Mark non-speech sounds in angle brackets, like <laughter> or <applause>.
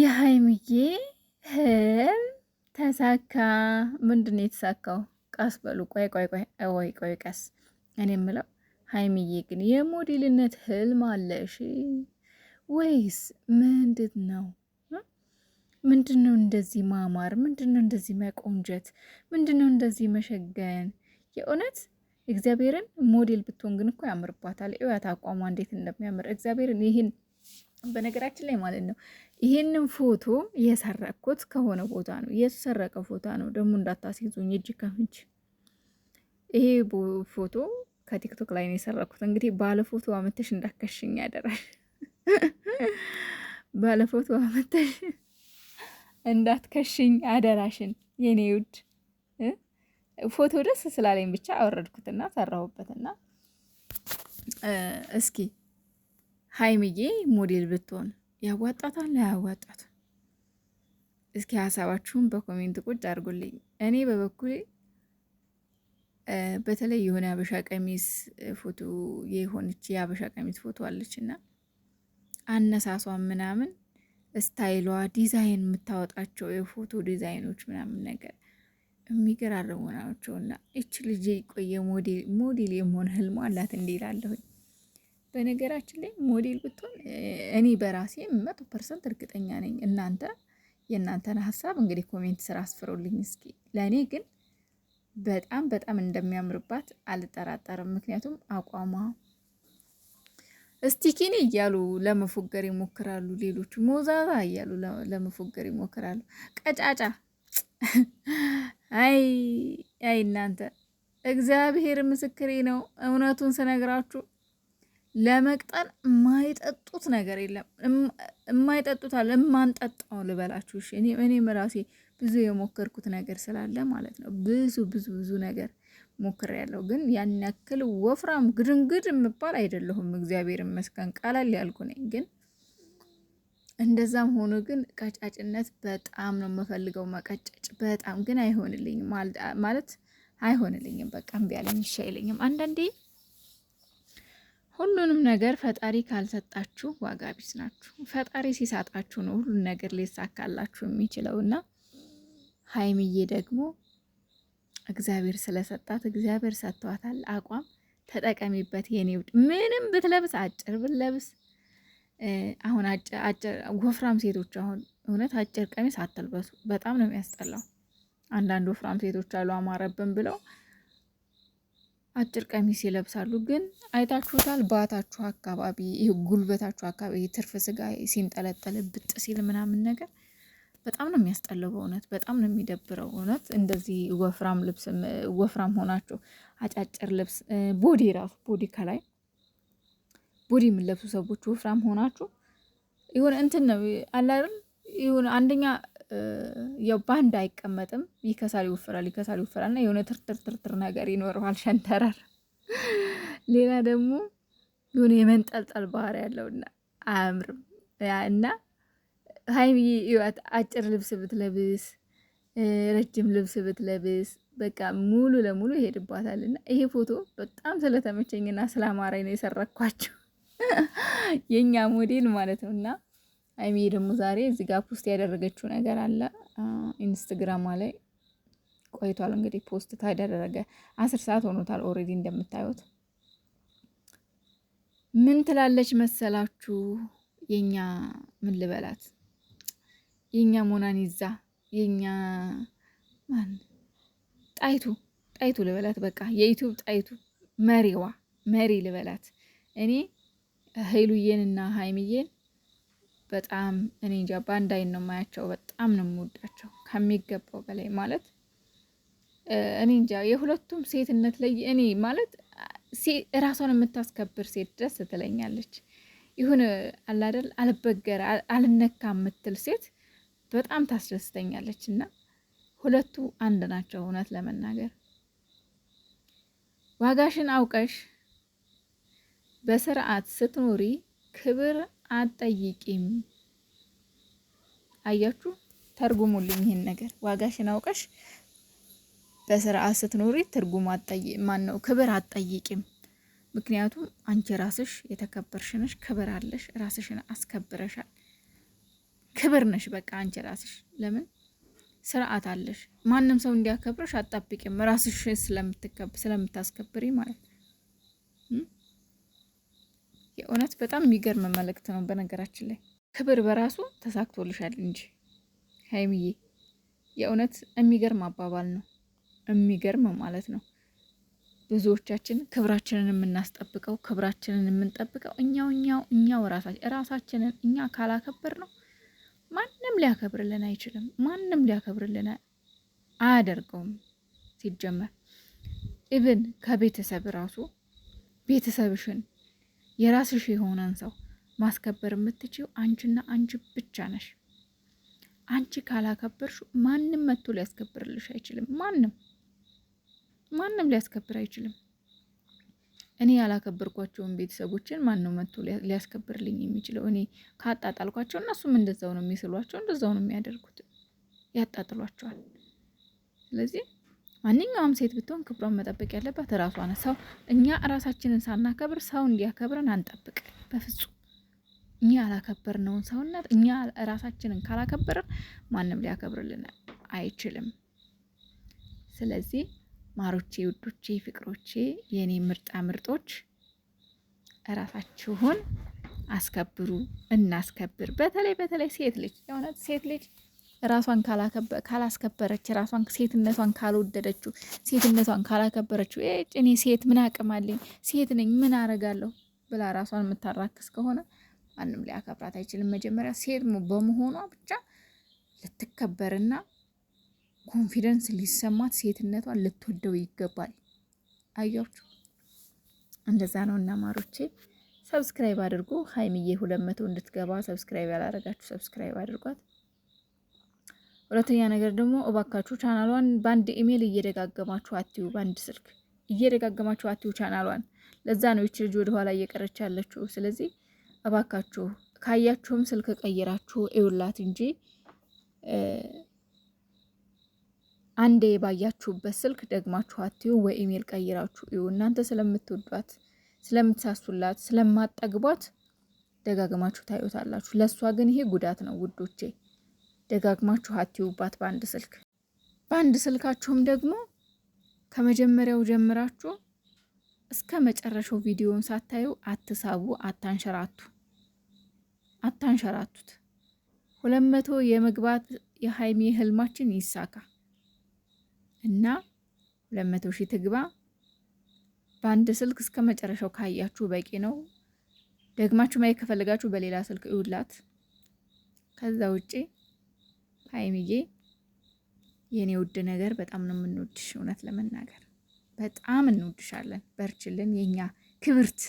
የሀይሚዬ ህልም ተሳካ። ምንድን የተሳካው? ቀስ በሉ ቆይ ቆይ ቆይ ወይ ቆይ ቀስ። እኔ የምለው ሀይሚዬ ግን የሞዴልነት ህልም አለሽ ወይስ ምንድን ነው? ምንድን ነው እንደዚህ ማማር? ምንድን ነው እንደዚህ መቆንጀት? ምንድን ነው እንደዚህ መሸገን? የእውነት እግዚአብሔርን ሞዴል ብትሆን ግን እኮ ያምርባታል። እያት አቋሟ እንዴት እንደሚያምር እግዚአብሔርን ይህን በነገራችን ላይ ማለት ነው ይህንን ፎቶ የሰረቅኩት ከሆነ ቦታ ነው፣ የተሰረቀ ፎቶ ነው። ደግሞ እንዳታስይዙኝ እጅ ከምንች ይሄ ፎቶ ከቲክቶክ ላይ ነው የሰረቅኩት። እንግዲህ ባለ ፎቶ አመተሽ እንዳከሽኝ ያደራል። <laughs> ባለ ፎቶ አመተሽ እንዳትከሽኝ አደራሽን የኔ ውድ። ፎቶ ደስ ስላለኝ ብቻ አወረድኩትና ሰራሁበትና እስኪ ሀይምዬ ሞዴል ብትሆን ያዋጣታል አያዋጣት? እስኪ ሀሳባችሁን በኮሜንት ቁጭ አድርጉልኝ። እኔ በበኩሌ በተለይ የሆነ የአበሻ ቀሚስ ፎቶ የሆነች የአበሻ ቀሚስ ፎቶ አለች እና አነሳሷን ምናምን ስታይሏ ዲዛይን የምታወጣቸው የፎቶ ዲዛይኖች ምናምን ነገር የሚገራርሙ ናቸው እና እች ልጅ የቆየ ሞዴል የመሆን ህልሟ አላት እንዲላለሁኝ በነገራችን ላይ ሞዴል ብትሆን እኔ በራሴ መቶ ፐርሰንት እርግጠኛ ነኝ። እናንተ የእናንተን ሀሳብ እንግዲህ ኮሜንት ስራ አስፍሮልኝ እስኪ። ለእኔ ግን በጣም በጣም እንደሚያምርባት አልጠራጠርም። ምክንያቱም አቋሟ እስቲኪኒ እያሉ ለመፎገር ይሞክራሉ፣ ሌሎቹ ሞዛዛ እያሉ ለመፎገር ይሞክራሉ። ቀጫጫ አይ አይ እናንተ እግዚአብሔር ምስክሬ ነው እውነቱን ስነግራችሁ ለመቅጠል የማይጠጡት ነገር የለም። የማይጠጡት አለ የማንጠጣው ልበላችሁ። እሺ እኔም ራሴ ብዙ የሞከርኩት ነገር ስላለ ማለት ነው። ብዙ ብዙ ብዙ ነገር ሞክር ያለው ግን ያን ያክል ወፍራም ግድንግድ የምባል አይደለሁም። እግዚአብሔር ይመስገን ቀለል ያልኩ ነኝ። ግን እንደዛም ሆኖ ግን ቀጫጭነት በጣም ነው የምፈልገው። መቀጨጭ በጣም ግን አይሆንልኝም ማለት አይሆንልኝም። በቃ እምቢ አለኝ፣ አይለኝም አንዳንዴ ሁሉንም ነገር ፈጣሪ ካልሰጣችሁ ዋጋ ቢስ ናችሁ። ፈጣሪ ሲሰጣችሁ ነው ሁሉን ነገር ሊሳካላችሁ የሚችለው እና ሀይሚዬ ደግሞ እግዚአብሔር ስለሰጣት እግዚአብሔር ሰጥቷታል። አቋም ተጠቀሚበት የኔ ውድ። ምንም ብትለብስ አጭር ብትለብስ አሁን አጭር ወፍራም ሴቶች አሁን እውነት አጭር ቀሚስ አትልበሱ። በጣም ነው የሚያስጠላው። አንዳንድ ወፍራም ሴቶች አሉ አማረብን ብለው አጭር ቀሚስ ይለብሳሉ። ግን አይታችሁታል፣ ባታችሁ አካባቢ ይህ ጉልበታችሁ አካባቢ ትርፍ ስጋ ሲንጠለጠል ብጥ ሲል ምናምን ነገር በጣም ነው የሚያስጠላው። በእውነት በጣም ነው የሚደብረው። እውነት እንደዚህ ወፍራም ልብስ ወፍራም ሆናችሁ አጫጭር ልብስ ቦዲ ራሱ ቦዲ ከላይ ቦዲ የምለብሱ ሰዎች ወፍራም ሆናችሁ ይሁን እንትን ነው አላርም ይሁን አንደኛ ያው ባንድ አይቀመጥም፣ ይከሳል፣ ይወፍራል፣ ይከሳል፣ ይወፍራል እና የሆነ ትርትርትርትር ነገር ይኖረዋል ሸንተረር። ሌላ ደግሞ የሆነ የመንጠልጠል ባህሪ ያለውና አያምርም እና ሀይሚዬ ይወት አጭር ልብስ ብትለብስ ረጅም ልብስ ብትለብስ በቃ ሙሉ ለሙሉ ይሄድባታል። እና ይሄ ፎቶ በጣም ስለተመቸኝና ስላማራኝ ነው የሰረኳቸው የእኛ ሞዴል ማለት ነው እና ሀይሚዬ ደግሞ ዛሬ እዚህ ጋር ፖስት ያደረገችው ነገር አለ ኢንስትግራማ ላይ ቆይቷል። እንግዲህ ፖስት ታደረገ አስር ሰዓት ሆኖታል ኦልሬዲ እንደምታዩት። ምን ትላለች መሰላችሁ? የኛ ምን ልበላት፣ የኛ ሞናኒዛ የኛ ማን ጣይቱ ጣይቱ ልበላት፣ በቃ የዩቱብ ጣይቱ መሪዋ መሪ ልበላት። እኔ እና ሀይሚዬን በጣም እኔ እንጃ በአንድ አይን ነው ማያቸው። በጣም ነው የምወዳቸው ከሚገባው በላይ ማለት እኔ እንጃ የሁለቱም ሴትነት ላይ እኔ ማለት ራሷን የምታስከብር ሴት ደስ ትለኛለች። ይሁን አላደል አልበገር አልነካ የምትል ሴት በጣም ታስደስተኛለች። እና ሁለቱ አንድ ናቸው። እውነት ለመናገር ዋጋሽን አውቀሽ በስርዓት ስትኖሪ ክብር አጠይቂም አያችሁ፣ ተርጉሙልኝ ይህን ነገር። ዋጋሽን አውቀሽ በስርዓት ስትኖሪ ትርጉም ማን ነው ክብር አጠይቂም ምክንያቱም አንቺ ራስሽ የተከበርሽ ነሽ፣ ክብር አለሽ፣ ራስሽን አስከብረሻል። ክብር ነሽ፣ በቃ አንቺ ራስሽ። ለምን ስርዓት አለሽ። ማንም ሰው እንዲያከብረሽ አጠብቂም ራስሽ ስለምታስከብሪ ማለት ነው። እውነት በጣም የሚገርም መልእክት ነው። በነገራችን ላይ ክብር በራሱ ተሳክቶልሻል እንጂ ሀይምዬ፣ የእውነት የሚገርም አባባል ነው። የሚገርም ማለት ነው። ብዙዎቻችን ክብራችንን የምናስጠብቀው ክብራችንን የምንጠብቀው እኛው እኛው እኛው ራሳችንን እኛ ካላከበር ነው ማንም ሊያከብርልን አይችልም። ማንም ሊያከብርልን አያደርገውም። ሲጀመር ኢቭን ከቤተሰብ ራሱ ቤተሰብሽን የራስሽ የሆነን ሰው ማስከበር የምትችው አንቺና አንቺ ብቻ ነሽ። አንቺ ካላከበርሽ ማንም መጥቶ ሊያስከብርልሽ አይችልም። ማንም ማንም ሊያስከብር አይችልም። እኔ ያላከበርኳቸውን ቤተሰቦችን ማነው መጥቶ ሊያስከብርልኝ የሚችለው? እኔ ካጣጣልኳቸው እነሱም እንደዛው ነው የሚስሏቸው፣ እንደዛው ነው የሚያደርጉት፣ ያጣጥሏቸዋል። ስለዚህ ማንኛውም ሴት ብትሆን ክብሯን መጠበቅ ያለባት ራሷ ነው። ሰው እኛ ራሳችንን ሳናከብር ሰው እንዲያከብረን አንጠብቅ በፍጹም። እኛ ያላከበርነውን ሰውነት እኛ ራሳችንን ካላከበርን ማንም ሊያከብርልን አይችልም። ስለዚህ ማሮቼ፣ ውዶቼ፣ ፍቅሮቼ የእኔ ምርጣ ምርጦች ራሳችሁን አስከብሩ፣ እናስከብር። በተለይ በተለይ ሴት ልጅ የእውነት ሴት ልጅ ራሷን ካላስከበረች ራሷን ሴትነቷን ካልወደደችው ሴትነቷን ካላከበረችው እኔ ሴት ምን አቅም አለኝ ሴት ነኝ ምን አረጋለሁ ብላ ራሷን የምታራክስ ከሆነ ማንም ሊያከብራት አይችልም። መጀመሪያ ሴት በመሆኗ ብቻ ልትከበርና ኮንፊደንስ ሊሰማት ሴትነቷን ልትወደው ይገባል። አያችሁ፣ እንደዛ ነው። እና ማሮቼ ሰብስክራይብ አድርጉ። ሀይሚዬ ሁለት መቶ እንድትገባ ሰብስክራይብ ያላረጋችሁ ሰብስክራይብ አድርጓት። ሁለተኛ ነገር ደግሞ እባካችሁ ቻናሏን በአንድ ኢሜል እየደጋገማችሁ አትዩ፣ በአንድ ስልክ እየደጋገማችሁ አትዩ ቻናሏን። ለዛ ነው ይች ልጅ ወደኋላ እየቀረች ያለችው። ስለዚህ እባካችሁ ካያችሁም ስልክ ቀይራችሁ እዩላት እንጂ አንዴ ባያችሁበት ስልክ ደግማችሁ አትዩ፣ ወይ ኢሜል ቀይራችሁ እዩ። እናንተ ስለምትወዷት፣ ስለምትሳሱላት፣ ስለማጠግቧት ደጋግማችሁ ታዩታላችሁ። ለእሷ ግን ይሄ ጉዳት ነው ውዶቼ። ደጋግማችሁ አትዩባት በአንድ ስልክ። በአንድ ስልካችሁም ደግሞ ከመጀመሪያው ጀምራችሁ እስከ መጨረሻው ቪዲዮውን ሳታዩ አትሳቡ፣ አታንሸራቱ አታንሸራቱት። ሁለት መቶ የመግባት የሀይሚ ህልማችን ይሳካ እና ሁለት መቶ ሺህ ትግባ። በአንድ ስልክ እስከ መጨረሻው ካያችሁ በቂ ነው። ደግማችሁ ማየት ከፈለጋችሁ በሌላ ስልክ እዩላት። ከዛ ውጪ ሀይሚዬ የኔ ውድ ነገር በጣም ነው የምንወድሽ። እውነት ለመናገር በጣም እንወድሻለን። በርችልን የኛ ክብርት